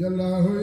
Yallahu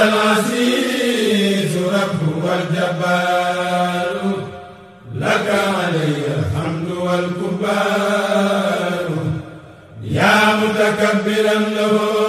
العزيز رب والجبار لك علي الحمد والكبار يا متكبرا له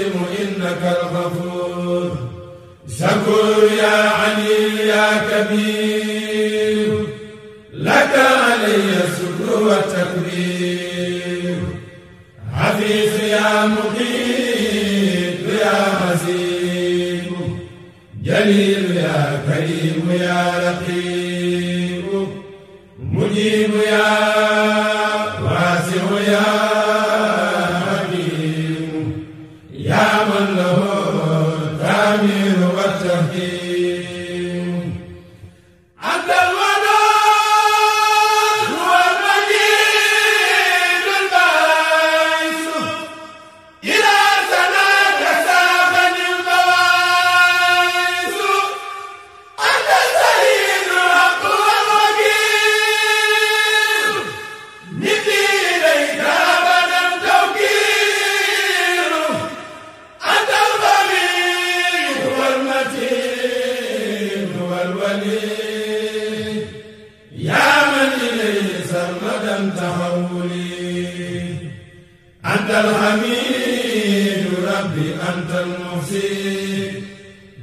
الرحيم إنك الغفور شكر يا علي يا كبير لك علي الشكر والتكبير حفيظ يا مقيم يا عزيز جليل يا كريم يا رقيب ربي أنت المحسن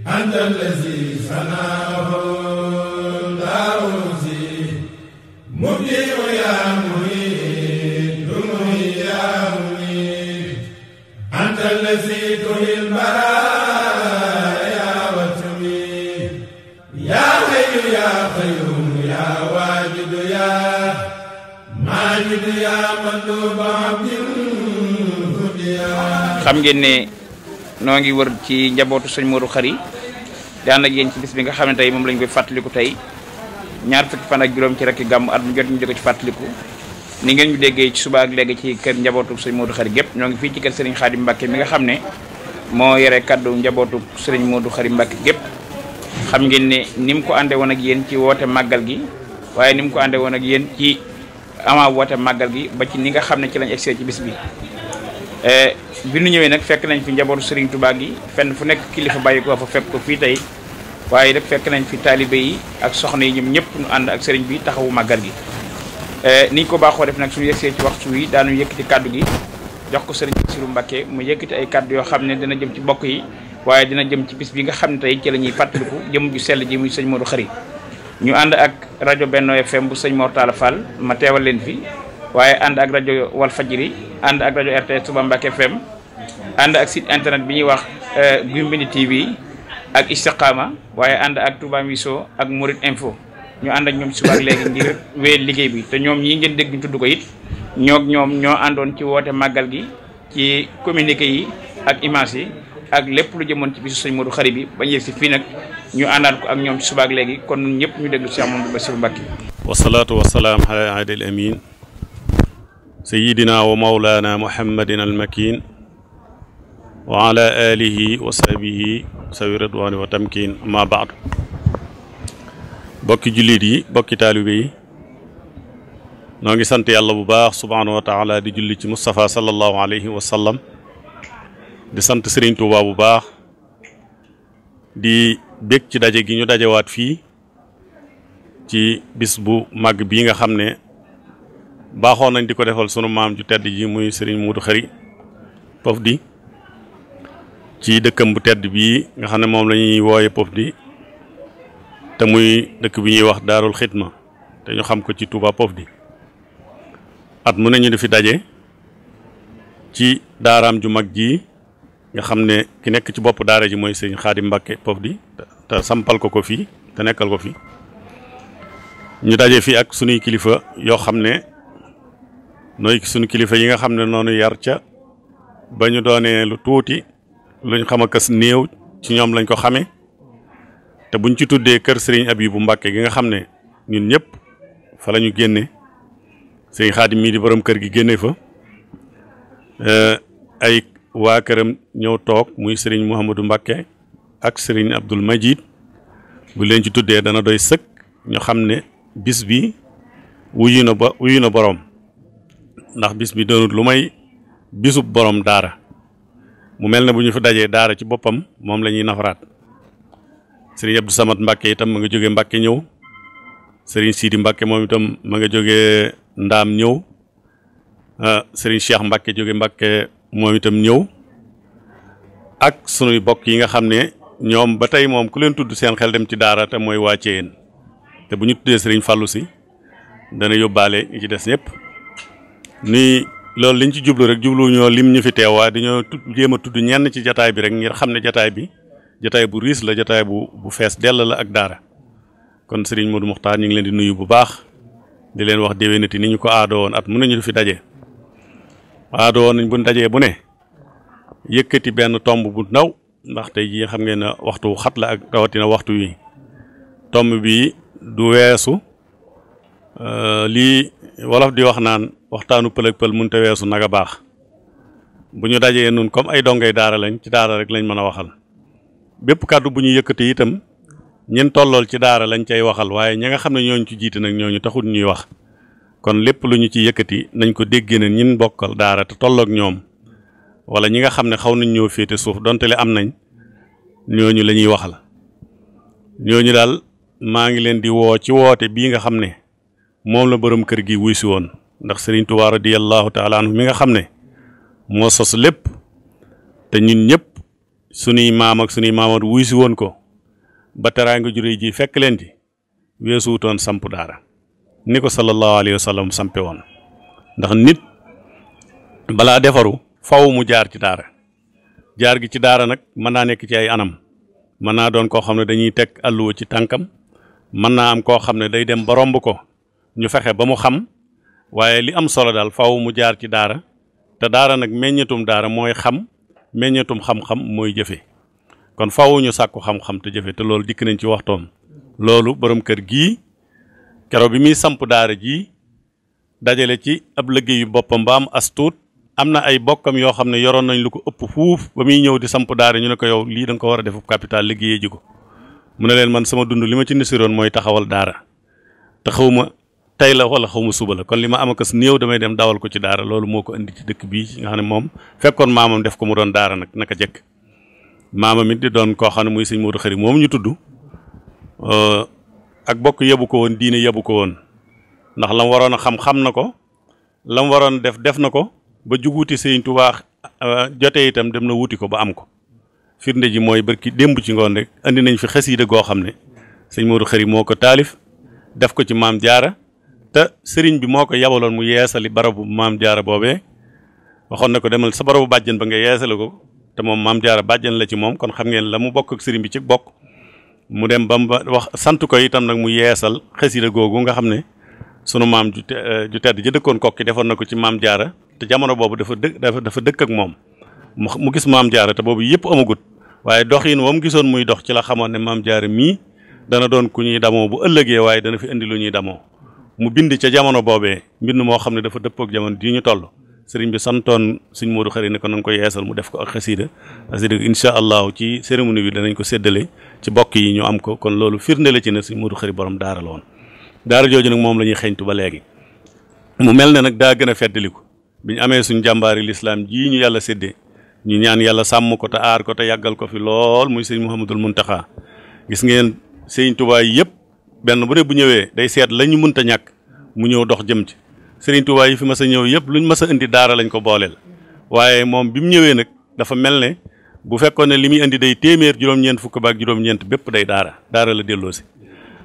أنت الذي صنعه لا أوزي مبدئ يا مهيد مهي يا مهيد أنت الذي تهي البرايا وتميد يا حي يا قيوم يا واجد يا ماجد يا مندوب عبد xam ngeen ne noo ngi wër ci njabootu sëñ Modou Khary di ànd ak yéen ci bis bi nga xam ne moom lañ koy fàttaliku tey ñaar fan ak juróom ci rekki gàmm at mu jot ci fàttaliku ni ngeen ñu ci suba léegi ci kër njabootu sëñ Modou Khary gépp ñoo ngi fii ci kër sëriñ Khadim Mbacke mi nga xam ne moo yore kàddu njabootu sëriñ Modou Khary Mbacke gépp xam ngeen ne ni mu ko ànde woon ak yéen ci woote màggal gi waaye ni mu ko ànde woon ak yéen ci ama woote màggal gi ba ci ni nga xam ne ci lañ egsee ci bis bi Eh, bi nu ñëwee nag fekk nañ fi njabootu sëriñ Touba gi fenn fu nekk kilifa bàyyi ko fa fekk ko fii tey waaye nag fekk nañ fi taalibe yi ak soxna yi ñoom ñëpp nu ànd ak sëriñ bi taxawu màggal gi. Eh, niñ ko baaxoo def nag suñu yegsee ci waxtu wi daanu yëkkati kàddu gi jox ko Serigne Bassirou Mbacké mu yëkkati ay kàddu yoo xam ne dina jëm ci bokk yi waaye dina jëm ci bis bi nga xam ne tey ci la ñuy fàttaliku jëm ju sell ji muy sëñ Modou Khari ñu ànd ak rajo Benno FM bu sëñ Mor Talla ma teewal leen fi waaye ànd ak rajo wal fajiri ànd ak rajo RTS Touba Mbacke FM ànd ak site internet bi ñuy wax euh, Gouy Mbinde TV ak Istiqama waaye ànd ak Touba Misso ak Mouride Info ñu ànd ak ñoom suba ak léegi ngir wéyal liggéey bi te ñoom ñii ngeen dégg ñu tudd ko it ñoom ñoo àndoon ci woote màggal gi ci communiqué yi ak image yi ak lépp lu jëmoon ci bisu sëñ Modou Khary bi ba yegg si fii nag ñu àndaat ko ak ñoom ci léegi kon ñëpp ñu déglu Cheikh Mamadou Bassirou Mbacké wasalaatu amin sayidina wa mawlaana muhammadin almakin wa ala alihi wa sahbihi sawi ridwaani wa tamkin amma baadu bokki jullit yi bokki taalibe yi noo ngi sant yàlla bu baax subhaanahu wa taala di julli ci mustafa sallallahu alayhi wa sallam di sant Sëriñ Tuubaa bu baax di bég ci daje gi ñu dajewaat fii ci bis bu màgg bii nga xam ne baaxoon nañ di ko defal sunu maam ju tedd ji muy Serigne Modou Khary Pofdy ci dëkkam bu tedd bii nga xam ne moom lañuy ñuy wooye Pofdy te muy dëkk bi ñuy wax daarul xitma te ñu xam ko ci Touba Pofdy at mu ne ñu di fi daje ci daaraam ju mag ji nga xam ne ki nekk ci bopp daara ji mooy Serigne Khadim Mbacké Pofdy te sampal ko ko fii te nekkal ko fi ñu daje fii ak sunuy kilifa yoo xam ne nooy suñu kilifa yi nga xam ne noonu yar ca ba ñu doonee lu tuuti luñ xam a kës néew ci ñoom lañ ko xame te buñ ci tuddee kër sëriñ abi bu Mbàkke gi nga xam ne ñun ñëpp fa lañu génne sëriñ Xaadim mii di boroom kër gi génne fa eh, ay waa këram ñëw toog muy sëriñ Mouhamadou Mbàkke ak sëriñ Abdul Majid bu leen ci tuddee dana doy sëkk ñu xam ne bis bi wuyu na ba wuyu na borom ndax bis bi doonut lu may bisub borom daara mu mel ne bu ñu fi dajee daara ci boppam moom la ñuy nafaraat sëriñ Abdou Samad Mbàkke itam ma nga jógee Mbàkke ñëw sëriñ Sidi Mbàkke moom itam ma nga jógee Ndaam ñëw ah, sëriñ Cheikh Mbàkke jóge Mbàkke moom itam ñëw ak sunuy bokk yi nga xam ne ñoom ba tey moom ku leen tudd seen xel dem ci daara te mooy waa Ceyeen te bu ñu tuddee sëriñ Fàllu si dana yóbbaale ñi ci des ñëpp ni loolu liñ ci jublu rek jublu ñoo lim ñu fi teewaa dañoo tu jéem a tudd ñenn ci jataay bi rek ngir xam ne jataay bi jataay bu riis la jataay bu bu fees dell la ak daara kon sëriñ Modou Mokhtar ñu ngi leen di nuyu bu baax di leen wax déwénati ni ñu ko aadoo woon at mu nañu fi daje aadoo woon nañ bu dajee bu ne yëkkati benn tomb bu ndaw ndax tey jii xam ngeen ne waxtu xat la ak rawatina waxtu wi tomb bi du weesu euh, lii wolof di wax naan waxtaanu pël ak pël mun te weesu nag a baax bu ñu dajee nun comme ay dongay daara lañ ci daara rek lañ mën a waxal bépp kàddu bu ñu yëkkati itam ñeen tollool ci daara lañ cay waxal waaye ñi nga xam ne ñooñu ci jiite nag ñooñu taxul ñuy wax kon lépp lu ñu ci yëkkati nañ ko déggee ne ñin bokkal daara te tolloog ñoom wala ñi nga xam ne xaw nañ ñoo féete suuf donte le am nañ ñooñu la ñuy waxal ñooñu daal maa ngi leen di woo ci woote bii nga xam ne mom la borom kër gi wuy si woon ndax serigne touba radiyallahu taala anhu mi nga xamne mo sos lepp te ñun ñëpp sunuy maam ak sunuy maamat wuy si woon ko ba teraanga ju ji fekk leen di wesu ton samp dara niko sallallahu alayhi Wasallam sampe ndax nit bala defaru faw mu jaar ci dara jaar gi ci dara nak man na nek ci ay anam man na don ko xamne dañuy tek allu ci tankam man na am ko xamne day dem ba ko ñu fexe ba mu xam waaye li am solo daal faw mu jaar ci daara te daara nag meññetum daara mooy xam meññetum xam-xam mooy jëfe kon faaw ñu sàkku xam-xam te jëfe te loolu dikk nañ ci waxtoon loolu boroom kër gii keroog bi muy samp daara jii dajale ci ab liggéeyu boppam ba am astuut am na ay bokkam yoo xam ne yoroon nañ lu ko ëpp fuuf ba muy ñëw di samp daara ñu ne ko yow lii da nga ko war a defu capital liggéeyee ji ko mu ne leen man sama dund li ma ci nisiroon mooy taxawal daara tey la wala xaw ma suba la kon li ma am akas néew damay dem dawal ko ci daara loolu moo ko indi ci dëkk bii nga xam ne moom fekkoon maamam def ko mu doon daara nag naka jekk maamam it di doon koo xam ne muy sëñ Modou Khari moom ñu tudd uh, ak bokk yebu ko woon diine yebu ko woon ndax lam waroon a xam xam na ko lam waroon def def na ko ba juguti sëñ Tuubaa uh, jotee itam dem na wuti ko ba am ko firnde ji mooy barki démb ci ngoon rek andi nañ fi xasiida goo xam ne sëñ Modou Khari moo ko taalif def ko ci maam jaara te sëriñ bi moo ko yabaloon mu yeesali barabu maam jaara boobee waxoon na ko demal sa barabu bàjjan ba nga yeesale ko te moom maam jaara bàjjan la ci moom kon xam ngeen la mu bokk ak bi ci bokk mu ba mu wax sant ko itam nag mu yeesal xasida googu nga xam ne sunu maam ju ju tedd ji dëkkoon kokki defoon na ko ci maam jaara te jamono boobu dafa dëkk dafa dëkk ak moom mu gis maam jaara te boobu yëpp amagut waaye doxin wa mu gisoon muy dox ci la xamoon ne maam jaara mii dana doon ku ñuy damoo bu ëllëgee waaye dana fi indi lu ñuy damoo mu bind ca jamono boobee mbind moo xam ne dafa dëppook jamono jii ñu toll sëriñ bi santoon suñ Modou Khari ne ko nañ ko yeesal mu def ko ak xasiida xasiida incha allahu ci cérémonie bi danañ ko séddale ci bokk yi ñu am ko kon loolu firnde la ci ne suñ Modou Khari borom daara la daara jooju nag moom la ñuy xeeñtu ba léegi mu mel ne nag daa gën a feddaliku bi ñu amee suñu jàmbaari lislaam jii ñu yàlla séddee ñu ñaan yàlla sàmm ko te aar ko te yàggal ko fi lool muy sëñ Mouhamadul Muntaxa gis ngeen sëñ yëpp benn bu ne bu ñëwee day seet la ñu mënta ñàkk mu ñëw dox jëm ci Serigne Touba yi fi mas a ñëw yëpp luñ mas a indi daara lañ ko booleel waaye moom bi mu ñëwee nag dafa mel ne bu fekkoon ne li muy indi day téeméer juróom-ñeent fukk baak juróom-ñeent bépp day daara daara la delloosi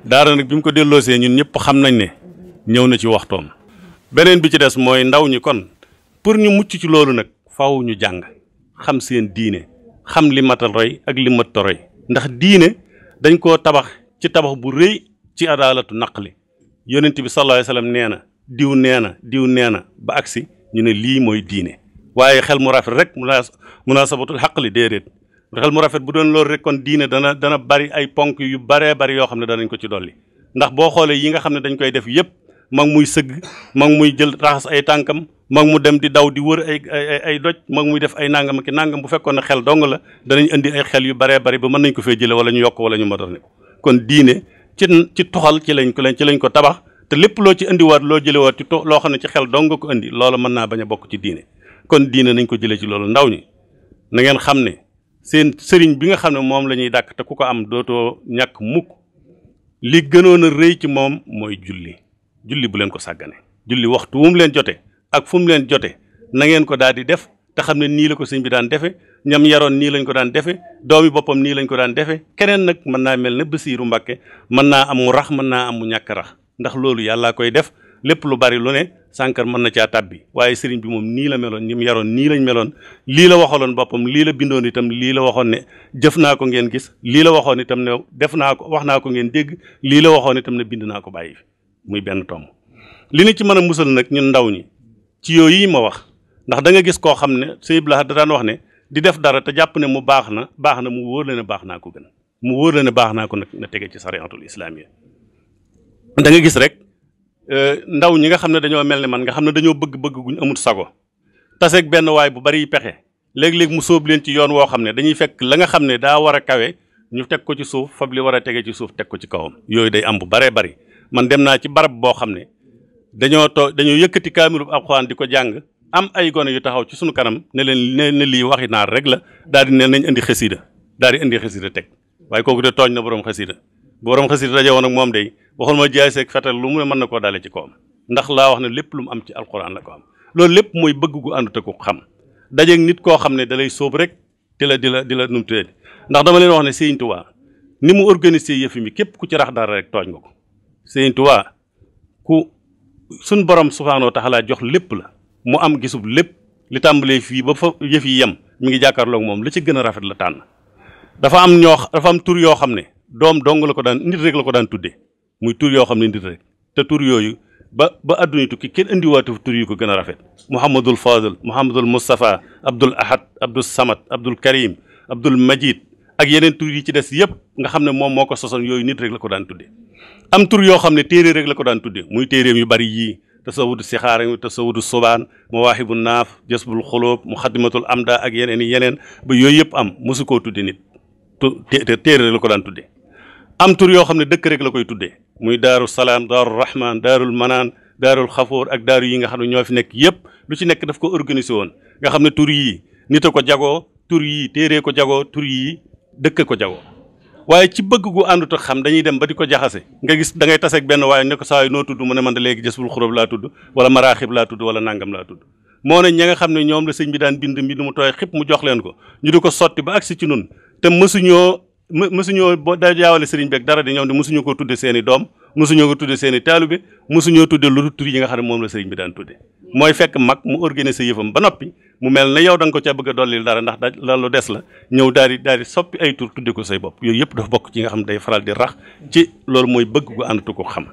daara nag bi mu ko delloosee ñun ñëpp xam nañ ne ñëw na ci waxtoom beneen bi ci des mooy ndaw ñi kon pour ñu mucc ci loolu nag faw ñu jàng xam seen diine xam li matal roy ak li mat ndax diine dañ koo tabax ci tabax bu ci adaalatu naqli yonent bi sallallahu alayhi wasallam nee na diw nee na diw nee na ba agsi ñu ne lii mooy diine waaye xel mu rafet rek munaasabatul xaqli déedéet xel mu rafet bu doon loolu rek kon diine dana dana bari ay ponk yu baree bari yoo xam ne danañ ko ci dolli ndax boo xoolee yi nga xam ne dañ koy def yépp mag muy sëgg mag muy jël raxas ay tànkam mag mu dem di daw di wër ay ay ay doj mag muy def ay nangam ak nangam bu fekkoon ne xel dong la danañ indi ay xel yu baree bari ba mën nañ ko fee jëlee wala ñu yokk wala ñu moderne ko kon diine ci ci toxal ci lañ ko ci lañ ko tabax te lépp loo ci indiwaat loo jëlewaat ci loo xam ne ci xel dong nga ko indi loolu mën naa bañ a bokk ci diine kon diine nañ ko jëlee ci loolu ndaw ñi nangeen xam ne seen sëriñ bi nga xam ne moom la ñuy dàkk te ku ko am dootoo ñàkk mukk li gënoon a rëy ci moom mooy julli julli bu leen ko sàggane julli waxtu wu leen jote ak fu mu leen jote na ngeen ko daal di def te xam ne nii la ko sëñ bi daan defe ñam yaroon nii lañ ko daan defe doomi boppam nii lañ ko daan defe keneen nag mën naa mel ne Basiiru Mbàkke mën naa amu rax mën naa am mu ñàkk rax ndax loolu yàllaa koy def lépp lu bari lu ne sànkar mën na caa tàbbi waaye sëriñ bi moom nii la meloon ñi mu yaroon nii lañ meloon lii la waxaloon boppam lii la bindoon itam lii la waxoon ne jëf naa ko ngeen gis lii la waxoon itam ne def naa ko wax naa ko ngeen dégg lii la waxoon itam ne bind naa ko bàyyi muy benn tomb li ni ci mën a musal nag ñun ndaw ñi ci yooyu ma wax ndax da gis koo xam ne Sëñ Abdou Lahad da daan wax ne di def dara te jàpp ne mu baax na baax na mu wóor la ne baax naa ko gën mu wóor la baax naa ko nag na tege ci sariatul islaam da nga gis rek e, ndaw ñi nga xam ne dañoo mel ne man nga xam ne dañoo bëgg-bëgg guñ amut sago taseeg benn waay bu bari pexe léeg-léeg mu sóob leen ci yoon woo xam ne dañuy fekk la nga xam ne daa war a kawe ñu teg ko ci suuf fab li war a tege ci suuf teg ko ci kawam yooyu day bu baree bari man dem naa ci barab boo xam ne dañoo too dañoo yëkkati kaamilub alxuraan di ko jàng am ay gone yu taxaw ci suñu kanam ne leen ne ne lii waxi naar rek la daal di ne nañ indi xasida daal di indi xasida teg waaye kooku de tooñ na borom xasida borom xasida daje woon ak moom day waxul ma jaay seeg fetal lu mu ne mën na koo daale ci kawam ndax laa wax ne lépp lu mu am ci alxuraan la ko am loolu lépp mooy bëgg gu àndut ak ko xam dajeeg nit koo xam ne dalay soob rek te la di la di la numtee ndax dama leen wax ne Sëriñ Tuubaa ni mu organiser yëf mi képp ku ci rax dara rek tooñ nga ko Sëriñ Tuubaa ku suñ borom subhaanahu wa taala jox lépp la mu am gisub lépp li tàmbalee fii ba fa yëf yi yem mi ngi jàkkaarloog moom li ci gën a rafet la tànn dafa am ñoo dafa am tur yoo xam ne doom dong la ko daan nit rek la ko daan tudde muy tur yoo xam ne nit rek te tur yooyu ba ba àdduna tukki kenn indiwaatu tur yu ko gën a rafet mouhamadul fadil mouhamadul moustapha abdul ahad abdul samad abdul karim abdul majid ak yeneen tur yi ci des yëpp nga xam ne moom moo ko sosoon yooyu nit rek la ko daan tudde am tur yoo xam ne téere la ko daan tudde muy téeréem yu bari yii tasawudu sixaara tasawudu subaan mawaahibu naaf jasbul xuloob muxadimatul amda ak yeneen yeneen yooyu yëpp am mosu koo tudde nit te téere la ko daan tudde am yoo xam ne dëkk rek la koy tuddee muy daaru salaam daaru rahman daarul manaan daarul xafoor ak daaru yi nga xam ne ñoo fi nekk yëpp lu ci nekk daf ko organisé woon nga xam ne tur yii nit a ko jagoo tur yii téere ko jagoo tur yii dëkk ko jagoo waaye ci bëgg gu àndut ak xam dañuy dem ba di ko jaxase nga gis dangay ngay taseeg benn waaye ne ko saa yi noo tudd mu ne man de léegi jësul xuróob laa tudd wala maraaxib laa tudd wala nangam laa tudd moo ne ñi nga xam ne ñoom la sëñ bi daan bind mbi du mu tooy xip mu jox leen ko ñu di ko sotti ba agsi ci nun te mësuñoo mu musuñoo boo da jaawale sëriñ beeg dara di ñoom di musuñu ko tudde seen i doom musuñoo ko tudde seen i taalibe musuñoo tudde lu tur yi nga xam ne moom la sëriñ bi daan tudde mooy fekk mag mu organiser yëfam ba noppi mu mel ne yow da nga ko ca bëgg a dollil dara ndax da lu des la ñëw daal di daal di soppi ay tudde ko say bopp yooyu yëpp dafa bokk ci nga xam ne day faral di rax ci loolu mooy bëgg gu àndatu ko xam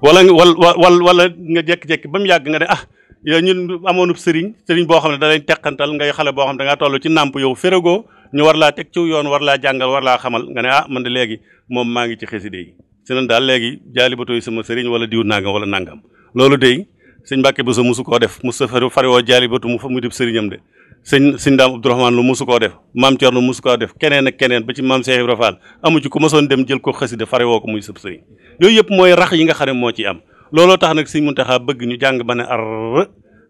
wala wala wala wala nga jekki-jekki ba mu yàgg nga ne ah yow ñun amoonub sëriñ sëriñ boo xam ne da lay ngay xale boo xam ne da ngaa ci nàmp yow férégoo ñu war laa teg wu yoon war laa jàngal war laa xamal nga ne ah man de léegi moom maa ngi ci xasida yi si nan daal léegi jaalibatu yi sama sëriñ wala diw nangam wala nangam loolu de sëñ Mbàkke Buso musu koo def mu safari fari woo jaalibatu mu def mu dib sëriñam de sëñ sëñ daam Abdourahmane lu musu koo def maam Cerno musu koo def keneen ak keneen ba ci maam Cheikh Ibra Fall amu ci ku masoon dem jël ko xasida fari woo ko muy sëb sëriñ yooyu yëpp mooy rax yi nga xam ne moo ci am looloo tax nag sëñ Muntaxa bëgg ñu jàng ba ne ar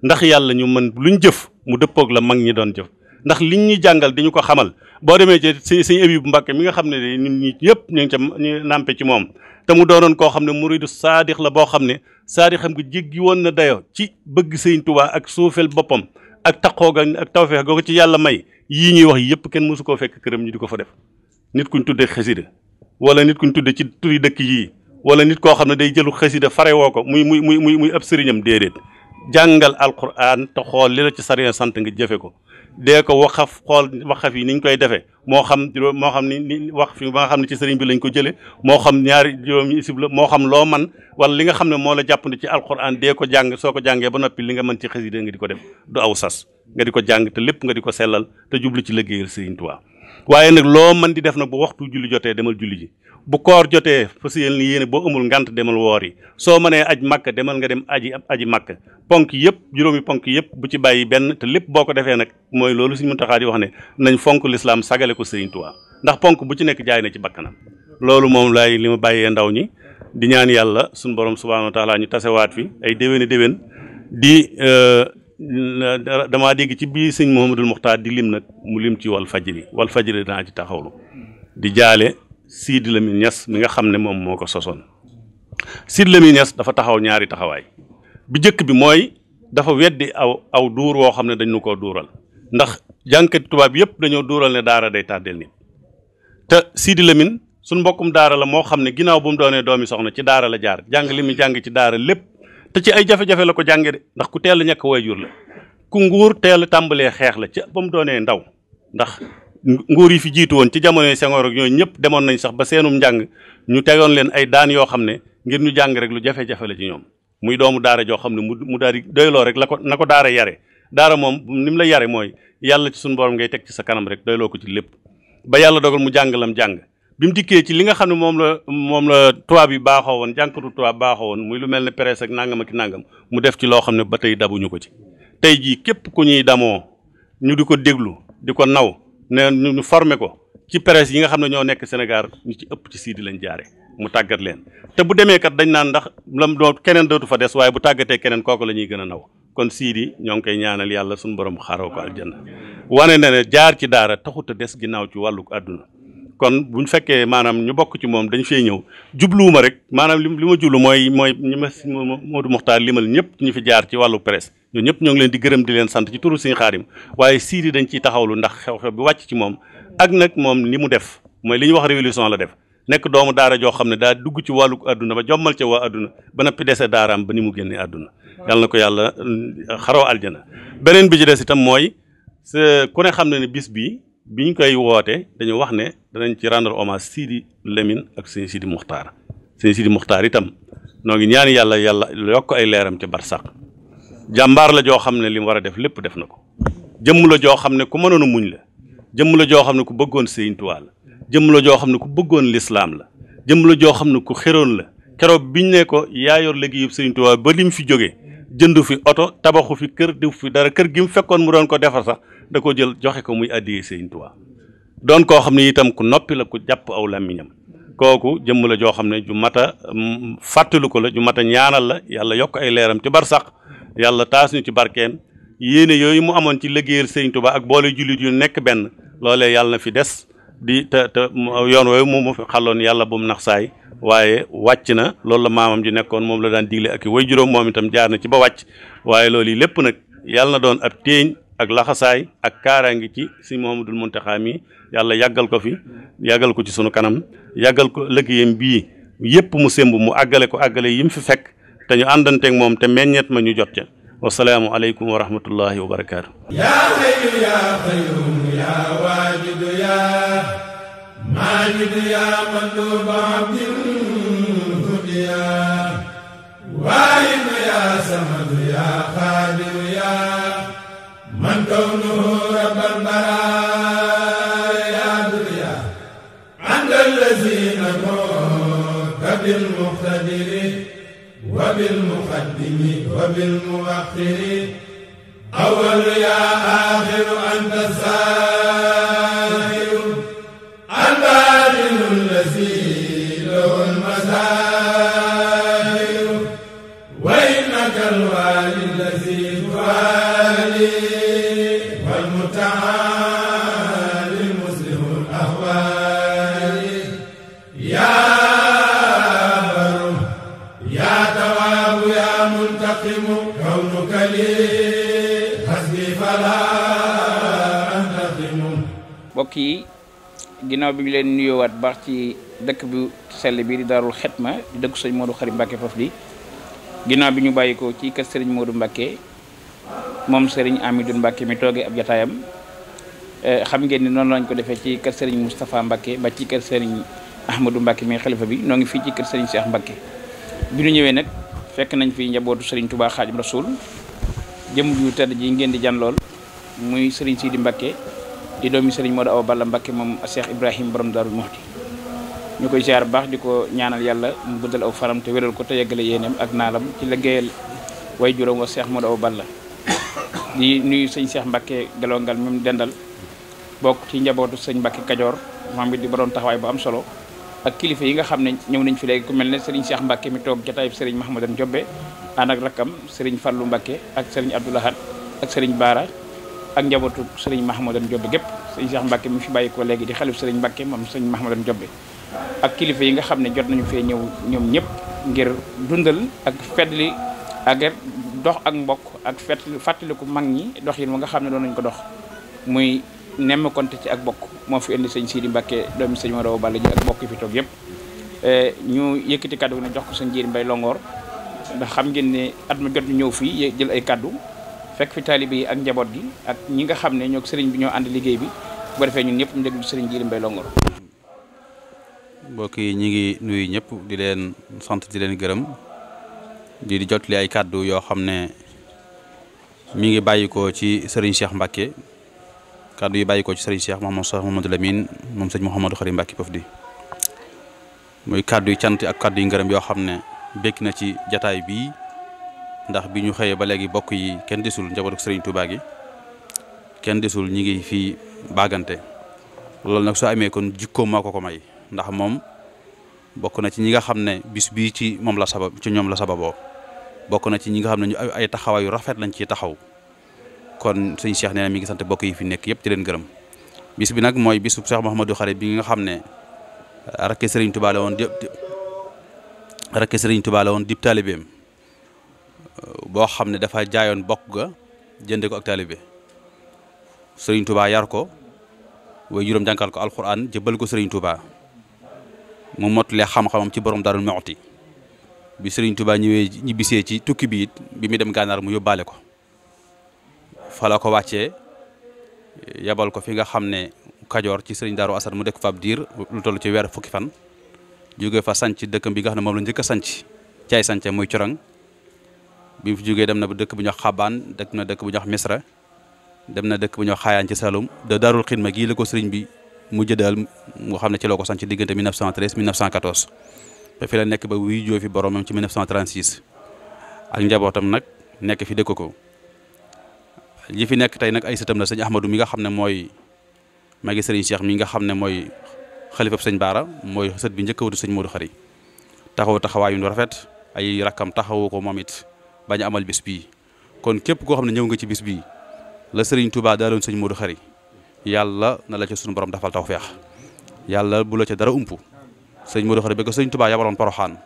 ndax yàlla ñu mën luñ jëf mu dëppoog la mag ñi doon jëf ndax liñ ñu jàngal dañu ko xamal boo demee ci si sëñ bu mbakkee mi nga xam ne de nit ñi ñëpp ñu ngi ca ñu ci moom te mu doonoon koo xam ne muridu saadix la boo xam ne saadix xam nga jéggi woon na dayo ci bëgg sëñ Tuubaa ak suufeel boppam ak taqoo ga ak tawfeex ga ko ci yàlla may yii ñuy wax yëpp kenn mosu koo fekk këram ñu di ko fa def nit kuñ tuddee xasida wala nit kuñ tuddee ci turi dëkk yii wala nit koo xam ne day jëlu xasida farewoo woo ko muy muy muy muy muy ab sëriñam déedéet jàngal alquran te xool li ci sariya sant nga jëfe ko dee ko waxaf xool waxaf yi niñ koy defee moo xam moo xam ni ni waxaf yi ba nga xam ci sëriñ bi lañ ko jëlee moo xam ñaari juróomi isib la moo xam loo man wala li nga xam ne moo la jàpp jàppandi ci alquran dee ko jàng soo ko jàngee ba noppi li nga mën ci xasida nga di ko def du aw sas nga di ko jàng te lépp nga di ko sellal te jublu ci liggéeyal sëriñ Tuubaa waaye nag loo mën di def nag boo waxtu julli jotee demal julli ji bu koor jotee fas yéene yéene boo amul ngant demal woor yi soo mënee aj màkk demal nga dem aji aji màkk ponk yëpp juróomi ponk yëpp bu ci bàyyi benn te lépp boo ko defee nag mooy loolu suñu Muntaxaa di wax ne nañ fonk lislaam sagale ko Sëriñ ndax ponk bu ci nekk jaay na ci bakkanam loolu moom lay li ma bàyyee ndaw ñi di ñaan yàlla suñ borom subhaanahu wa taala ñu tasewaat fi ay déwéni déwén di euh, damaa dégg ci biir sëñ dul Muxtaar di lim nag mu lim ci wal fajri wal fajri danaa ci taxawlu di jaale Sidi Lamine Niass mi nga xam ne moom moo ko sosoon Sidi Lamine dafa taxaw ñaari taxawaay bi njëkk bi mooy dafa weddi aw aw duur woo xam ne dañu ko duural ndax jànkati tubaab yëpp dañoo duural ne daara day tàddeel nit te Sidi Lamine suñ mbokkum daara la moo xam ne ginnaaw bu mu doonee doomi soxna ci daara la jaar jàng li mu jàng ci daara lépp te ci ay jafe-jafe la ko jànge de ndax ku teel ñàkk jur la ku nguur teel tàmbalee xeex la ci ba mu doonee ndaw nguur yi fi jiitu woon ci jamonoy Senghor ak ñooñu ñëpp demoon nañ sax ba seenum njàng ñu tegoon leen ay daan yoo xam ne ngir ñu jàng rek lu jafe-jafe la ci ñoom muy doomu daara joo xam ne mu mu daal doyloo rek la ko na ko daara yare daara moom ni mu la yare mooy yàlla ci suñu borom ngay teg ci sa kanam rek doyloo ko ci lépp ba yàlla dogal mu jàng lam jàng bi mu dikkee ci li nga xam ne moom la moom la tubaab yi baaxoo woon jànkatu tubaab baaxoo woon muy lu mel ne presse ak nangam ak nangam mu def ci loo xam ne ba tey dabuñu ko ci tey jii képp ku ñuy damoo ñu di ko déglu di ko naw ne ñu formé ko ci presse yi nga xam ne ñoo nekk Sénégal ñu ci ëpp ci Sidi lañ jaare mu tàggat leen te bu demee kat dañ naan ndax lam doo keneen dootu fa des waaye bu tàggatee keneen kooku la ñuy gën a naw kon Sidi ñoo ngi koy ñaanal yàlla suñu borom xaaroo ko aljanna wane na ne jaar ci daara taxut a des ginnaaw ci wàllu àdduna kon bu ñu fekkee maanaam ñu bokk ci moom dañ fee ñëw jubluwuma rek maanaam li li ma jublu mooy mooy ñi ma Modou Mokhtar limal ñëpp ñu fi jaar ci wàllu presse ñoo ñëpp ñoo ngi leen di gërëm di leen sant ci turu Serigne Khadim waaye Sidi dañ ciy taxawlu ndax xew-xew bi wàcc ci moom ak nag moom li mu def mooy li ñuy wax révolution la def nekk doomu daara joo xam ne daa dugg ci wàllu àdduna ba jommal ca waa àdduna ba noppi dese daaraam ba ni mu génnee àdduna yàlla na ko yàlla euh, xaroo aljana beneen bi ci des itam mooy ku ne xam ne ne bis bi biñ koy woote dañu wax ne danañ ci rendre hommage Sidi Lamine ak sëñ Sidi Muxtaar sëñ Sidi Muxtaar itam noo ngi ñaan yàlla yàlla yokk ay leeram ca jàmbaar la joo xam ne li mu war a def lépp def na ko jëmm la joo xam ne ku mënoon muñ la jëmm la joo xam ne ku bëggoon Sëriñ la jëmm la joo xam ne ku bëggoon lislaam la jëmm joo xam ne ku xéroon la keroog biñ ne ko yaa léegi liggéeyub Sëriñ Tuubaa ba lim fi jógee jëndu fi oto tabaxu fi kër def fi dara kër gi mu fekkoon mu doon ko defar sax da ko jël joxe ko muy addiyee Sëriñ Tuubaa doon koo xam ne itam ku noppi la ku jàpp aw làmmiñam kooku jëmm la joo xam ne ju mat a mm, ko la ju mat a ñaanal la yàlla yokk ay leeram ci barsax yàlla taas ñu ci barkeem yéene yooyu mu amoon ci liggéeyal sëriñ Tuubaa ak boole jullit yu nekk benn loolee yàlla fi des di te te yoon woowu mu mu xaloon yàlla bu mu nax saay waaye wàcc na loolu la maamam ji nekkoon moom la daan digle ak i juróom moom itam jaar na ci ba wàcc waaye loolu yi lépp nag yàlla doon ab téeñ ak laxasaay ak kaaraangi ci si moom Muhammadul Muntaxa mi yàlla yàggal ko fi yàggal ko ci sunu kanam yàggal ko liggéeyam bii yépp mu sémb mu àggale ko àggale yi mu fi te ñu moom te meññet ma ñu jot ca wasalaamu aleykum wa rahmatullahi wa barakaatu yaa xayru yaa xayru yaa waajidu yaa maajidu yaa manduuba abdin yaa waayidu yaa samadu yaa xaadiru yaa man kawnu وبالمؤخرين أول يا آخر أنت الزاهر الباطل الذي له المزاهر وإنك الوالي الذي توالي والمتعالي المسلم الأهوالي يا ki ginaaw bi ñu leen wat baax ci dekk bu sel bi di darul khitma di dekk sëñ Modou kharim mbake fof di ginaaw bi ñu bayiko ko ci ke sëriñ Modou mbake mom sëriñ Amidou mbake mi toge ab euh xam ngeen ni non lañ ko defé ci ke sëriñ mustapha mbake ba ci ke sëriñ Ahmadou mbake mi khalifa bi no ngi fi ci ke sëriñ Cheikh mbake bi ñu ñëwee nak fekk nañ fi njabootu sëriñ Touba khadim rasoul jëm ju tedd ji ngeen di jan lool muy Sidi mbake di doomi Serigne Modou Awa Balla Mbacké mom Cheikh Ibrahim borom darul Mouhty ñukoy ziar bax di ñaanal yalla mu guddal aw faram te wëral ko te yeggale yeenem ak nalam ci liggeel way juro ngo Cheikh Modou Awa Balla di nuyu serigne Cheikh Mbacké Galongal mum dendal bok ci njabootu serigne Mbacké kadior mom it di borom taxaway bu am solo ak kilifa yi nga xamne ñew nañ fi legi ku mel Serigne Cheikh Mbacké mi tok jotaay Serigne Mahamadan Jobbe and ak rakam Serigne Fallou Mbacké ak Serigne Abdoulahat ak Serigne Bara ak njabootu sëriñ Mahamadan Jobbe gépp sëriñ Cheikh Mbacke mi fi bàyyi ko léegi di xalif sëriñ Mbacke moom sëriñ Mahamadan Jobbe ak kilifa yi nga xam ne jot nañu fee ñëw ñoom ñëpp ngir dundal ak fedli ak dox ak mbokk ak fet fàttaliku mag ñi dox yin wa nga xam ne doon nañu ko dox muy nemm konte ci ak bokk moo fi indi sëñ Sidi Mbacke doomi sëñ bokk fi toog yëpp eh, ñu yëkkati kaddu gi ne jox ko Mbay Longoor ndax xam ngeen ne at ma jot ñu ñëw fii jël ay kaddu fekk fi taalibe yi ak njaboot gi ak ñi nga xam ne ñoo sëriñ bi ñoo ànd liggéey bi bu defee ñun ñëpp ñu déglu sëriñ Jili Mbay Longor mbokk yi ñu ngi nuyu ñëpp di leen sant di leen gërëm di di jotli ay kàddu yoo xam ne mu ngi bàyyi ci sëriñ Cheikh Mbacke kàddu yi bàyyi ci sëriñ Cheikh Mouhamadou Cheikh Mouhamadou Lamine moom sëñ Mouhamadou Xari Mbacke foofu muy kàddu yi cant ak kàddu yi ngërëm yoo xam ne békk na ci jataay bii ndax bi ñu xëyee ba léegi bokk yi kenn desul njabootu sëriñ Touba gi kenn desul ñi ngi fii baagante loolu nag su amee kon jikkoom moo ko ko may ndax moom bokk na ci ñi nga xam ne bis bii ci moom la sabab ci ñoom la sababoo bokk na ci ñi nga xam ne ñu ay taxawaay yu rafet lañ ciy taxaw kon sëñ Cheikh nee na mi ngi sant bokk yi fi nekk yëpp di leen gërëm bis bi nag mooy bisu Cheikh Mouhamadou Khare bi nga xam ne rakke sëriñ Touba la woon di rakke sëriñ Touba woon dib taalibeem boo xam ne dafa jaayoon bokk ga jënd ko ak taalibe sëriñ Touba yar ko way juróom jànkal ko alxuraan jëbbal ko sëriñ Touba mu mottalee xam-xamam ci borom Daaru Muxti bi sëriñ Touba ñëwee ñibbisee ci tukki biit it bi muy dem gànnaar mu yóbbaale ko fa la ko wàccee yabal ko fi nga xam ne Kajoor ci sëriñ Daaru Asan mu dëkk fa diir lu toll ci weer fukki fan jóge fa sanc dëkk bi nga xam ne moom la njëkk a sanc caay sanc mooy corang bii fi jógee dem na dëkk bu ñuy xabaan dem na dëkk bu ñuy wax dem na dëkk bu ñuy wax xaayaan ci Saloum da daarul ma gii la ko sëriñ bi mu jëdaal nga xam ne ci loo ko sant ci diggante 1913 1914 te fi la nekk ba wuy joo fi boromam ci 1936 ak njabootam nag nekk fi dëkk ko li fi nekk tey nag ay sëtam la sëñ Ahmadou mi nga xam ne mooy magi sëriñ Cheikh mi nga xam ne mooy xalifab sëñ Baara mooy sët bi njëkk a wutu sëñ Modou Khari taxaw taxawaay yu rafet ay rakkam taxawu ko moom it. bañ a amal bis bii kon képp koo xam ne ñëw nga ci bis bii la sëriñ tubaa daaloon sëñ Modou Khary yàlla na la ca sunu borom dafal tawfeex yàlla bu la ca dara umpu sëñ Modou Khary bi ko sëriñ Touba yabaloon Poroxaan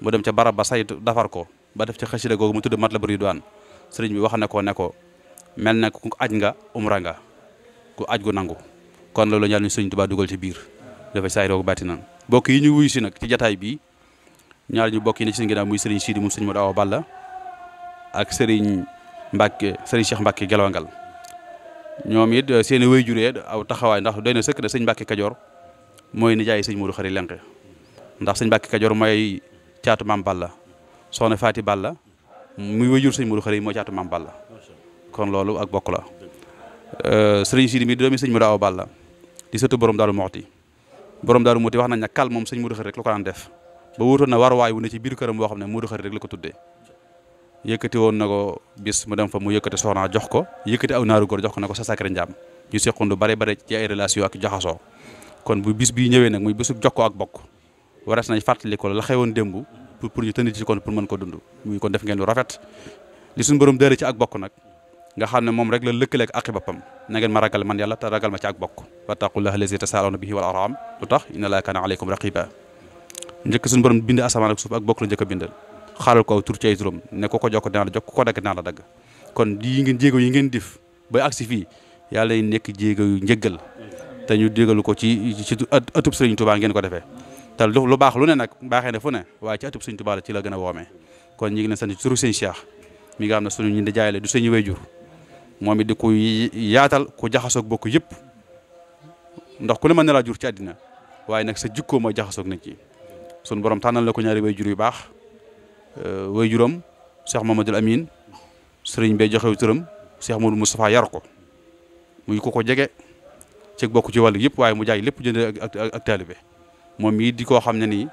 mu dem ca barab ba saytu defar ko ba def ca xasida googu mu tudd bari Ridwaan sëriñ bi wax ne ko ne ko mel na ku aj nga umra nga ku aj gu nangu kon loolu yàlla ñu sëriñ Touba dugal ci biir dafa saay roog bàtti na bokk yi ñu wuyu si nag ci jataay bi ñaar ñu bokk yi ne ci seen ginnaaw muy sëriñ Balla ak Serigne Mbacke Serigne Cheikh Mbacke Gelawangal ñoom it euh, seen i wéyjuree aw taxawaay ndax doy na sëkk na sëñ Mbacke Kajoor mooy nijaay sëñ Modou Khary Lenke ndax sëñ Mbacke Kajoor mooy caatu maam Balla soxna Faati Balla muy wéyjur sëñ Modou Khary mooy caatu maam Balla kon loolu ak bokk la euh, sëriñ Sidi mi doomi sëñ Modou Awa Balla di sëtu borom Daaru Moxti borom Daaru Moxti wax nañ ne kal moom sëñ Modou Khary rek la ko daan def ba wóotoon na waruwaay wu ne ci biir kër boo xam ne Modou Khary rek la ko tuddee yëkëti won nako bis mu dem fa mu yëkëti soxna jox ko yëkëti aw naaru gor jox ko nako sa sakere njam ñu sekkon lu bari bari ci ay relation ak joxaso kon bu bis bi ñëwé nak muy bisu ko ak bokk waras nañ fatali ko la xewon dembu pour pour ñu tënd ci kon pour mën ko dundu muy kon def ngeen lu rafet li suñu borom ci ak bokk nak nga xamne mom rek la lekkale ak akhi na ngeen ma ragal man yalla ta ragal ma ci ak bokk taqullaha allazi tasaluna bihi wal arham lutax inna laka kana alaykum raqiba ñëk suñu borom bind asaman ak suuf ak bokk la ñëk bindal xaaral ko aw tur ci ay turam ko ko jokk dinaa jokk ko dagg dinaa la dagg kon yi ngeen jéego yi ngeen def ba agsi fi yàlla yi nekk jéego yu njëggal te ñu jégalu ko ci ci atub sëriñ ngeen ko defee te lu baax lu ne nag baaxee na fu ne waaye ci atub sëriñ Tuubaa la ci la gën a woomee kon ñu ngi leen sant ci turu mi nga xam ne sunu ñi di jaayale du sëñ wéyjur moom it di ku yaatal ku jaxasoog bokk yëpp ndax ku ne ma na laa jur ci àddina waaye nag sa jikkoo mooy jaxasoog nit ñi sunu borom tànnal la ko ñaari wéyjur yu baax Euh, way juróom Cheikh Mamadou Amine sëriñ be joxew turam Cheikh Modou Moustapha yar ko muy ko ko jege ci bokk ci wàll yëpp waaye mu jaay lépp jënd ak ak taalibe moom mii di koo xam ne nii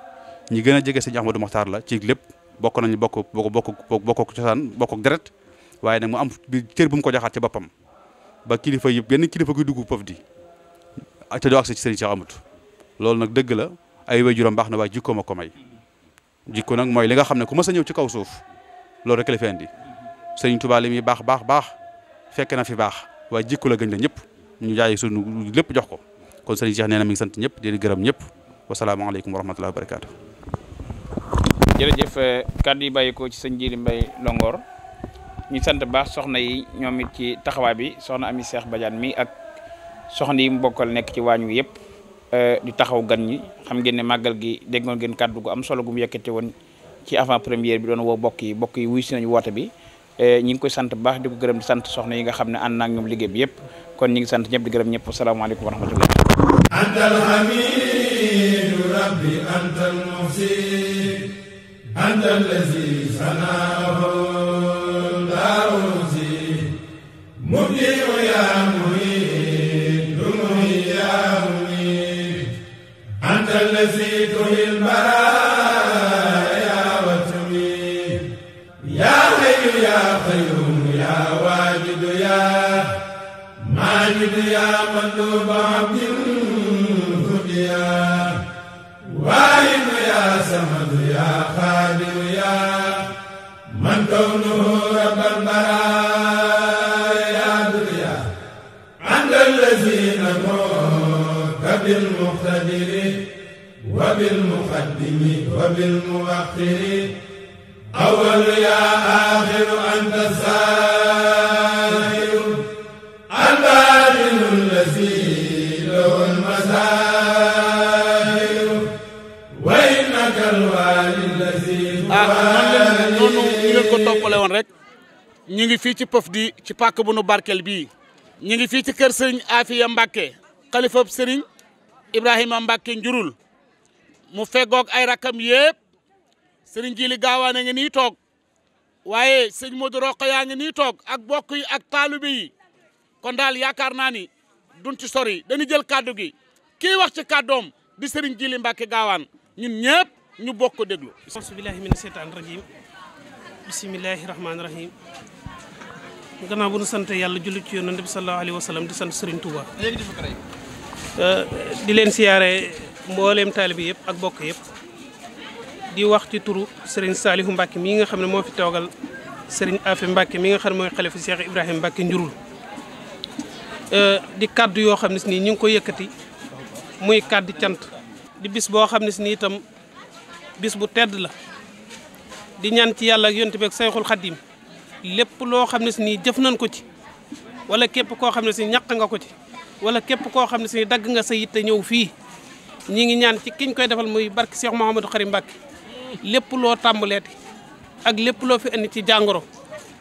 ñi gën a jege sëñ Ahmadou Makhtar la ci lépp bokk nañu bokk bokk bokk cosaan bokk deret waaye nag mu am cër bu mu ko jaxaat ci boppam ba kilifa yëpp benn kilifa kuy dugg pof di te doo accès ci sëriñ Cheikh loolu nag dëgg la ay waajuram baax na waaye jikkoom a ko may jikko nak moy li nga xamne ku mës a ñëw ci kaw suuf loolu rek la fi andi serigne touba limi bax bax bax joko. fekk na fi bax wa jikko la gën la ñep ñu jaay suñu lepp jox ko kon serigne Cheikh neena mi ngi sant ñep di gërëm salaamu alaykum wa rahmatullahi wa barakaatu. jërëjëf kàddu ko ci serigne jiri Mbay Longor ñu sant bax soxna yi ñom it ci taxawa bi soxna Ami Cheikh Badiane mi ak soxna yi mbokal nek ci wañu Eh, di taxaw gan ñi xam ngeen ne magal gi degg ngeen gën kaddu gu am solo gu mu yëkëti won ci avant première bi doon wo bokk yi bokk yi wuy sinañu nañu woote bi eh, ñi ngi koy sant baax di ko gërëm di sant soxna yi nga xam ne and naa ak ñoom liggéey bi yëpp kon ñi ngi sant ñëpp di gërëm ñëpp asalaamaaleykum wa rahmatullah antal hamidu rabbi antal muhsin antal lazi sanaahu laa uzi mubdi يا يا سمد يا يا من كونه رب البرايا دنيا بالمقتدر وبالمقدم وبالمؤخر أول يا آخر أنت الزاد ñi ngi fi ci pëf di ci pàkk bu nu barkel bi ñi ngi fi ci kër serigne Afiya Mbàkke khalifa serigne Ibrahima Mbàkke njurul mu feggoog ay rakam yeb serigne Jili Gaawaan a ngi nii toog waaye sëñ Modou roqa ya ngi ni tok ak bokk yi ak taalibe yi kon dal yakar na ni duñ ci sori dañu jël cadeau gi ki wax ci cadeau di serigne Jili Mbàkke Gaawaan ñun ñepp ñu bokk deglu subhanallahi mina sheytaani gannaaw bu nu sant yàlla jullit ci yonent bi sallallahu alayhi wa sallam di sant Serigne Touba. Euh, di leen siyaare mbooleem taalibi yëpp ak bokk yëpp di wax ci turu Serigne Saliou Mbacke mii nga xam ne moo fi toogal Serigne Afe Mbacke mi nga xam ne mooy xalifa Cheikh Ibrahima Mbacke njurul euh, di kaddu yoo xam ne si nii ñu ngi ko yëkkati muy kaddu cant di bis boo xam ne si nii itam bis bu tedd la di ñaan ci yàlla ak yonent bi ak Sayxul Xadim lépp loo xam ne si nii jëf nañ ko ci wala képp koo xam ne si ñaq nga ko ci wala képp koo xam ne si dagg nga sa yitte ñëw fii ñu ngi ñaan ci kiñ koy defal muy barke Cheikh Mouhamadou Karim Mbacké lépp loo tàmbaleeti ak lépp loo fi indi ci jàngoro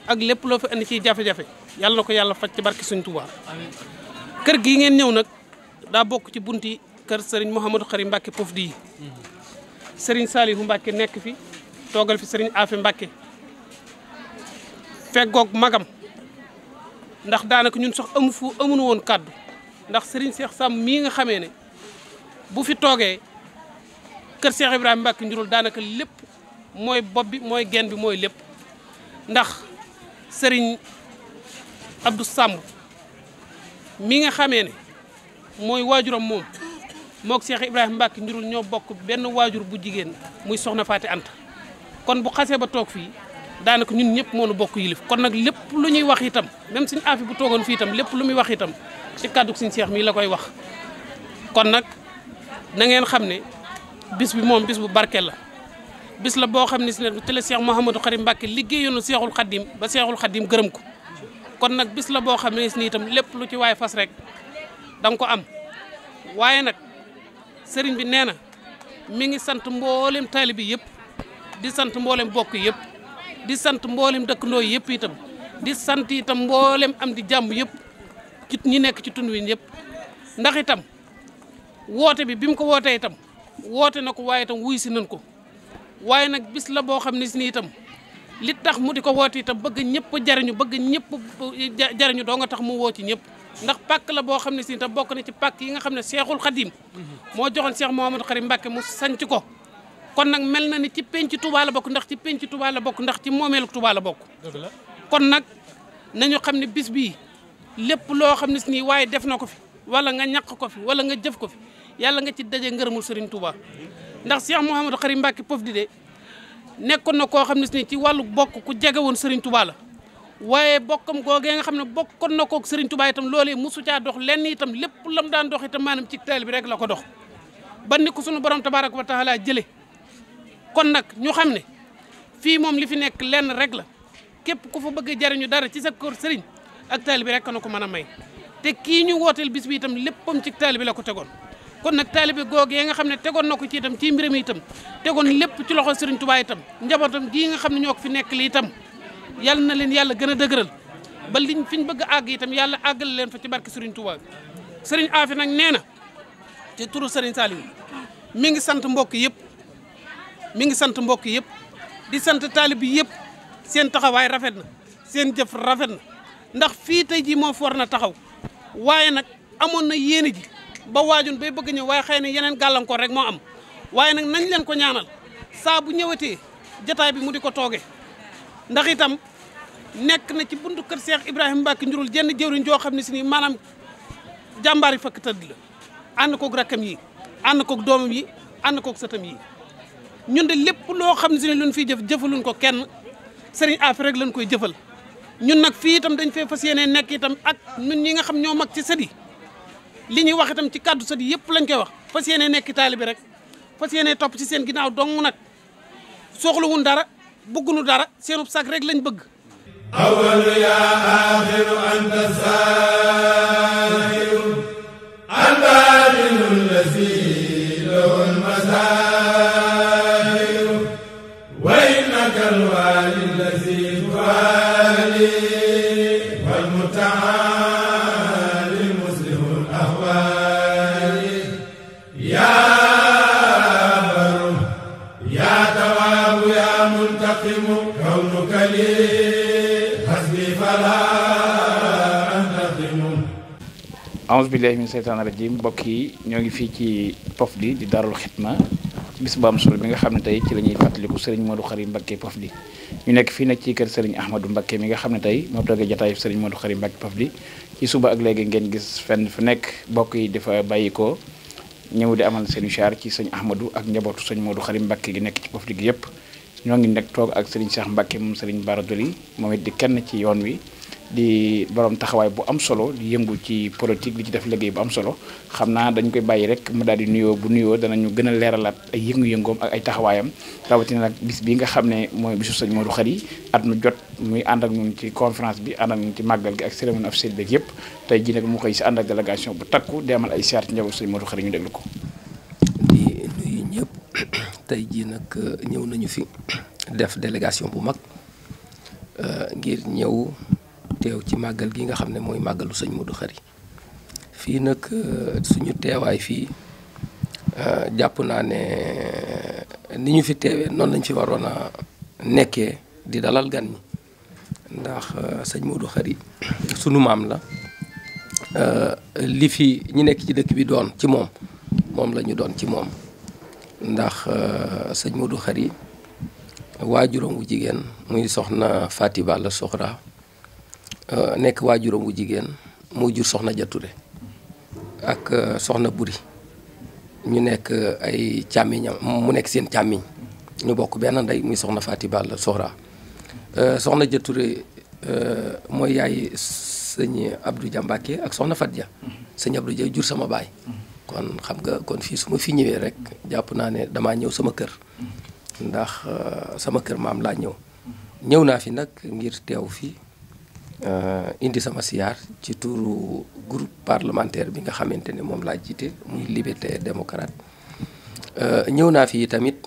ak lépp loo fi indi ci jafe-jafe yàlla na ko yàlla faj ci barke Sëñ kër gii ngeen ñëw nag daa bokk ci bunt yi kër sëriñ Mouhamadou Karim Mbacké Pofdy yi sëriñ Saliou Mbacké nekk fi toogal fi sëriñ Afe Mbacké feggoog magam ndax daanaka ñun sax amu fu amuñu woon kàddu ndax sëriñ Cheikh Samb mii nga xamee ne bu fi toogee kër Cheikh Ibrahima mbakk njurul daanaka lépp mooy bopp bi mooy genn bi mooy lépp ndax Serigne Abdou Samb mii nga xamee ne mooy waajuram moom moog Cheikh Ibrahima mbakk njurul ñoo bokk benn waajur bu jigéen muy soxna Faati Anta kon bu xasee ba toog fii daanaka ñun ñëpp moo nu bokk yilif kon nag lépp lu ñuy wax itam même suñu affaire bu toogoon fii itam lépp lu muy wax itam ci kàddu suñu seex mii la koy wax. kon nag na ngeen xam ne bis bi moom bis bu barkeel la bis la boo xam ne si ne tele seex Mouhamadou Xadim Mbàkke liggéeyoonu seexul xaddim ba seexul xaddim gërëm ko kon nag bis la boo xam ne si ne itam lépp lu ci waaye fas rek da ko am waaye nag sëriñ bi nee na mi ngi sant mboolem taalibi yëpp di sant mboolem bokk yëpp. di sant mboolem dëkkandoo yëpp itam di sant itam mboolem am di jàmm yëpp ci ñi nekk ci tund wi yëpp ndax itam woote bi bi mu ko wootee itam woote na ko waaye itam wuy si nañ ko waaye nag bis la boo xam ne si ni itam li tax mu di ko woote itam bëgg ñëpp jariñu bëgg ñëpp jariñu doo nga tax mu woo ci ñëpp ndax pàkk la boo xam ne si itam bokk na ci pàkk yi nga xam ne seexul xadiim moo joxoon seex Muhammadu Xarim Mbàkke mu sanc ko kon nag mel na ni ci penc Touba bokk ndax ci penc Touba bokk ndax ci moomeelu Touba la bokk. kon nag nañu xam ne bis bii lépp loo xam ne si nii waaye def na ko fi wala nga ñàq ko fi wala nga jëf ko fi yàlla nga ci daje ngërëmul sëriñ Touba. ndax mu Cheikh Mouhamadou Karim Mbacké Pofdidé nekkoon na koo xam ne si nii ci wàllu bokk ku jege woon Serigne Touba la. waaye bokkam googee nga xam ne bokkoon na kook sëriñ tubaa itam loole mosu caa dox lenn itam lépp lam daan dox itam maanaam ci teel bi rek la ko dox. ba ni ko sunu borom tabaaraka wa taala jëlee. kon nag ñu xam ne fii moom li fi nekk lenn rek la képp ku fa bëgg jariñu dara ci sa kër sëriñ ak taalibi rek na ko mën a may te kii ñu wooteel bis bi itam léppam ci taalibi la ko tegoon kon nag taalibi googee nga xam ne tegoon na ko ci itam ci mbiram itam tegoon lépp ci loxo sëriñ Tuubaa itam njabootam gii nga xam ne ñoo ko fi nekk li itam yal na leen yàlla gën a dëgëral ba liñ fiñ bëgg àgg itam yàlla àggal leen fa ci barke sëriñ Tuubaa bi sëriñ Afi nag nee na ci turu sëriñ Saliou mi ngi sant mbokk yëpp mi ngi sant mbokk yëpp di sant taalib yëpp seen taxawaay rafet na seen jëf rafet na ndax fii tey jii moo fi war na taxaw waaye nag amoon na yéene ji ba waajun bay bëgg ñëw waaye xëy na yeneen gàllankoor rek moo am waaye nag nañ leen ko ñaanal saa bu ñëwatee jataay bi mu di ko tooge ndax itam nekk na ci buntu kër Cheikh Ibrahima Mbacke njurul jenn jëwriñ joo xam ne si nii maanaam jàmbaari fakk tëdd la ànd koog rakkam yi ànd koog doomam yi ànd koog ñun de lepp lo xam si luñ fi jëf jëfaluñ ko kenn sëriñ Afe rek lañ koy jëfël ñun nak fi itam dañ fe fasiyene nek itam ak ñun ñi nga xam ñoo mag ci sëdi yi li ñuy wax itam ci kàddu sëdi yépp lañ koy wax fasiyene nek nekk rek fasiyene top ci seen ginaaw dong nak soxlu wuñ dara bëgguñu dara seenu sag rek lañ bëgg. awal ya akhir anta saahiru anta auzu billaahi min seytaan rajim mbokk yi ñoo ngi fii ci Pofdy di Daarul Xitma bis bu am solo bi nga xam ne tey ci la ñuy fàttaliku Serigne Modou Khary Mbacké Pofdy ñu nekk fii nag ci kër Serigne Ahmadou Mbacké mi nga xam ne tey moo toogee jataayu Serigne Modou Khary Mbacké Pofdy suba ak léegi ngeen gis fenn fu nekk bokk yi dafa bàyyikoo ñëw di amal seen char ci sëñ Ahmadou ak njabootu sëñ Modou Khary Mbacké gi nekk ci Pofdy gi yëpp ñoo ngi nekk toog ak Serigne Cheikh Mbacké moom Serigne Bara Doli moom it di kenn ci yoon wi di borom taxaway bu am solo di yëngu ci politique di ci def liggéey bu am solo xamna dañ koy bayyi rek mu daal di nuyo bu nuyo dana ñu gëna leeralaat ay yëngu-yëngoom ak ay taxawayam rawati nak bis bi nga xamne moy bisu sëñ Modou Khary at mu jot muy and ak ñun ci conférence bi ànd ak ñun ci magal gi ak cérémonie officielle beeg yépp tay ji nag mu koy ci and ak délégation bu takku di ay siyaar ci njaboot sëñ Modou Khary ñu déglu ko di nuyu ñëpp tay ji nag ñew nañu fi def délégation bu mag euh, ngir ñew teew ci màggal gi nga xam ne mooy màggalu sëñ Modou xari fii nag euh, suñu teewaay fii euh, jàpp naa ne euh, ni ñu fi teewee noonu lañ fi waroon a nekkee di dalal gan ñi ndax sëñ Modou Khary sunu maam la li fi ñu nekk ci dëkk bi doon ci moom moom lañu doon ci moom ndax sëñ Modou waa waajuram wu jigéen muy soxna Fati Balla Soxra Eh, nek wajurum bu jigen mo jur soxna jature ak eh, soxna buri ñu nek eh, ay càmmiñam mu nek seen chamiñ ñu bokk ben nday muy soxna Fati sohra euh soxna jature moy yaay sëñ Abdou jambaké ak soxna fatia Dia Abdou Dia jur sama bay, kon xam nga kon fi suma fi ñëwee rek japp na ne dama ñëw sama kër ndax sama kër maam la ñëw ñëw na fi nak ngir teew fi Euh, indi sama siyaar ci turu groupe parlementaire bi nga xamante ne moom laa jiite muy liberté démocrate euh, ñëw naa fii tamit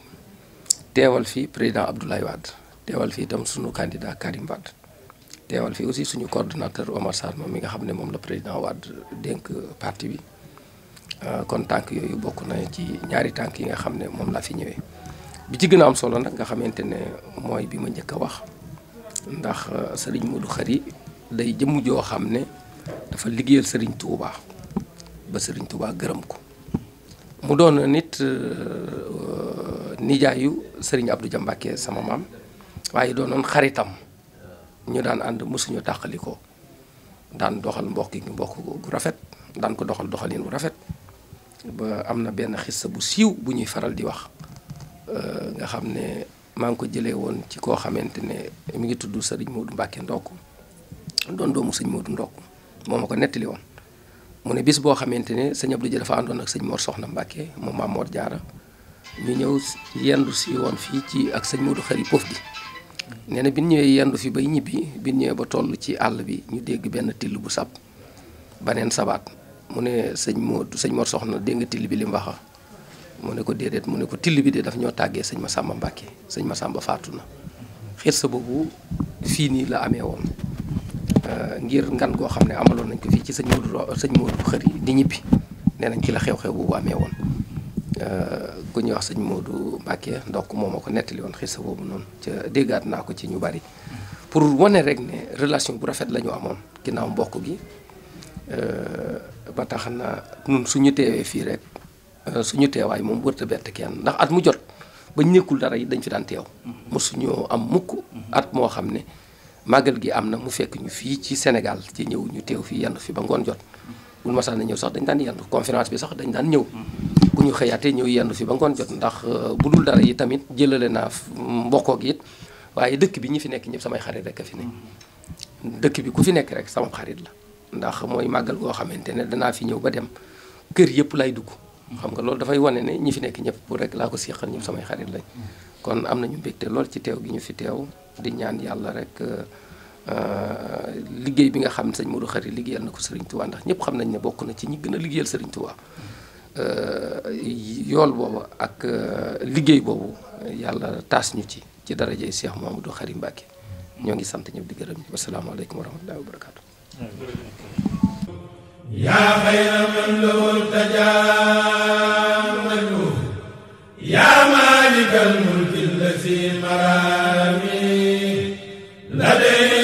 teewal fi président Abdoulaye Wade teewal fii tam suñu candidat Karim Wade teewal fii aussi suñu coordonnateur Omar Sarr moom mi nga xam ne moom la président Wade dénk parti bi euh, kon tànk yooyu bokk na ci ñaari tànk yi nga xam ne moom laa fi ñëwee bi ci gën a am solo nag nga xamante ne mooy bi ma njëkk a wax ndax Serigne Modou Khari day jëmm joo xam ne dafa liggéeyal sëriñ Touba ba sëriñ Touba gërëm ko mu doon nit euh, nijaayu sëriñ Abdou Dia Mbacké sama maam waaye doon doonoon xaritam ñu daan ànd mosuñu tàqali ko daan doxal mbokk gi mbokk gu rafet daan ko doxal doxaliin bu rafet ba am na benn xissa bu siiw bu ñuy faral di wax euh, nga xam ne maa ngi ko jëlee woon ci koo xamante ne mu ngi tudd sëriñ Modou mbàkke Ndokk Don doomu sëñ Modou ndok moo ma ko nettali woon mu ne bis bo xamanteni ne Abdou Dia dafa àndoon ak sëñ Mor Soxna Mbacke mo maam Mor Jaara ñu ñew yendu si won fi ci ak sëñ Modou Xari Pof di neena bin ñewé yendu fi bay ñibi bi ñewé ba toll ci all bi ñu dégg ben tilu bu sap banen sabat mu ne sëñ Modou sëñ Mor Soxna dégg tilu bi lim waxa mu ne ko déedéet mu ne ko tilu bi de daf ñoo tàggee sëñ Masamba Mbacke sëñ Masamba fatuna na xeet sa la amé won Euh, ngir ngan goo xam ne amaloon nañ ko fii ci sëñ Modou sëñ Modou Xëri di ñibbi nee nañ ci la xew-xew boobu amee woon euh, ku ñu wax sëñ moodu Mbacke ndokk moom moo ko nettali woon sa boobu noonu ca déggaat naa ko ci ñu bari pour wane rek ne relation bu rafet la ñu amoon ginnaaw mbokk gi euh, ba tax na ñun suñu teewee fii rek suñu teewaay moom wërta bett kenn ndax at mu jot bañ nekkul dara yi dañ fi daan teew mm-hmm. mosuñoo am mukk mm-hmm. at moo xam ne màggal gi am na mu fekk ñu fii ci Sénégal ci ñëw ñu teew fii yenn fi ba ngoon jot bu ñu masaan na ñëw sax dañ daan yenn conférence bi sax dañ daan ñëw ku ñu xëyaatee ñëw yenn fi ba ngoon jot ndax euh, bu dul dara yi tamit jëlale naa mbokkoo gi waaye dëkk bi ñu fi nekk ñëpp samay xarit rek a fi dëkk bi ku fi nekk rek sama la ndax mooy màggal goo xamante ne danaa fi ñëw ba dem kër yëpp lay dugg xam nga loolu dafay wane ne ñi fi nekk ñëpp rek laa ko seqal ñëpp samay xarit lañ kon am nañu te lool ci teew gi ñu fi teew di ñaan yàlla rek euh, euh, liggéey bi nga xam ne sëñ Modou Khary liggéeyal na ko Serigne ndax ñëpp xam nañ ne bokk na ci ñu gën a liggéeyal Serigne Touba euh, yool boobu ak liggéey boobu yàlla taas ñu ci ci darajay Cheikh Mamadou Khary Mbacké ñoo ngi sant ñëpp di gërëm ñi wasalaamaaleykum wa rahmatullahi wa barakaatu yaa xayra man lahu tajaamal yaa maalikal mulki lazi maraami